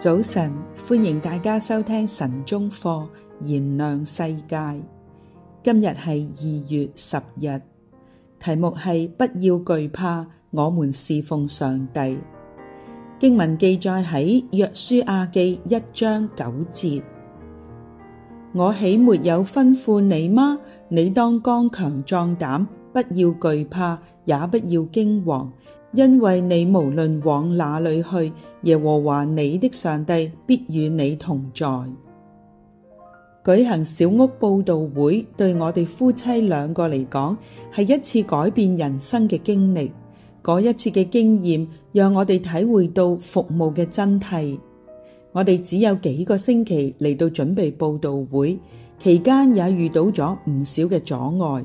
早晨，歡迎大家收聽晨鐘課，燃亮世界。今日係二月十日，題目係不要懼怕，我們事奉上帝。經文記載喺約書亞記一章九節，我豈沒有吩咐你嗎？你當剛強壯膽，不要懼怕，也不要驚惶。因為你無論往哪裏去，耶和華你的上帝必與你同在。舉行小屋佈道會，對我哋夫妻兩個嚟講，係一次改變人生嘅經歷。嗰一次嘅經驗，讓我哋體會到服務嘅真諦。我哋只有幾個星期嚟到準備佈道會，期間也遇到咗唔少嘅阻礙。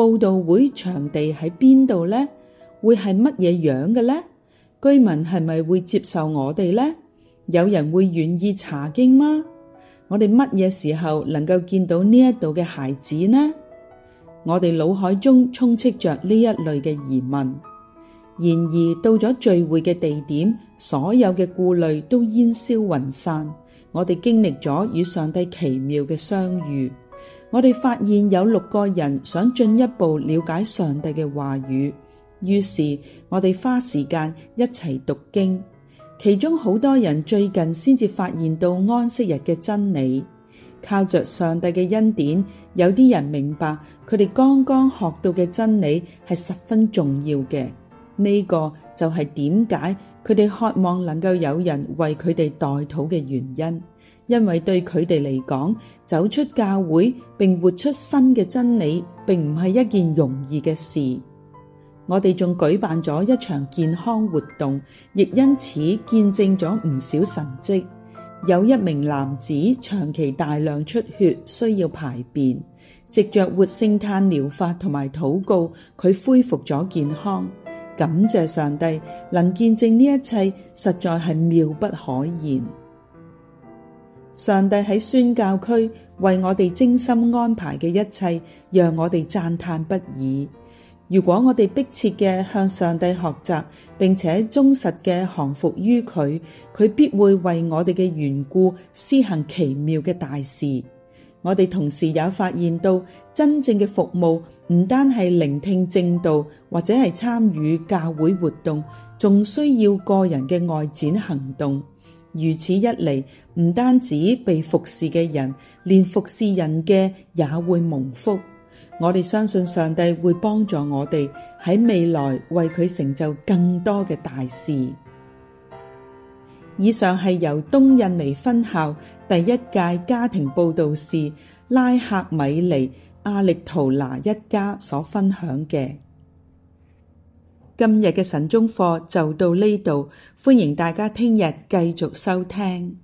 佈道會場地喺邊度呢？會係乜嘢樣嘅呢？居民係咪會接受我哋呢？有人會願意查經嗎？我哋乜嘢時候能夠見到呢一度嘅孩子呢？我哋腦海中充斥着呢一類嘅疑問。然而到咗聚會嘅地點，所有嘅顧慮都煙消雲散。我哋經歷咗與上帝奇妙嘅相遇。我哋發現有六個人想進一步了解上帝嘅話語，於是我哋花時間一齊讀經。其中好多人最近先至發現到安息日嘅真理，靠着上帝嘅恩典，有啲人明白佢哋剛剛學到嘅真理係十分重要嘅。呢個就係點解佢哋渴望能夠有人為佢哋代禱嘅原因，因為對佢哋嚟講，走出教會並活出新嘅真理，並唔係一件容易嘅事。我哋仲舉辦咗一場健康活動，亦因此見證咗唔少神蹟。有一名男子長期大量出血，需要排便，藉著活性碳療法同埋禱告，佢恢復咗健康。感謝上帝能見證呢一切，實在係妙不可言。上帝喺宣教區為我哋精心安排嘅一切，讓我哋讚嘆不已。如果我哋迫切嘅向上帝學習，並且忠實嘅降服於佢，佢必會為我哋嘅緣故施行奇妙嘅大事。我哋同時也發現到，真正嘅服務唔單係聆聽正道，或者係參與教會活動，仲需要個人嘅外展行動。如此一嚟，唔單止被服侍嘅人，連服侍人嘅也會蒙福。我哋相信上帝會幫助我哋喺未來為佢成就更多嘅大事。以上係由東印尼分校第一屆家庭佈道士拉赫米尼阿力圖拿一家所分享嘅。今日嘅晨鐘課就到呢度，歡迎大家聽日繼續收聽。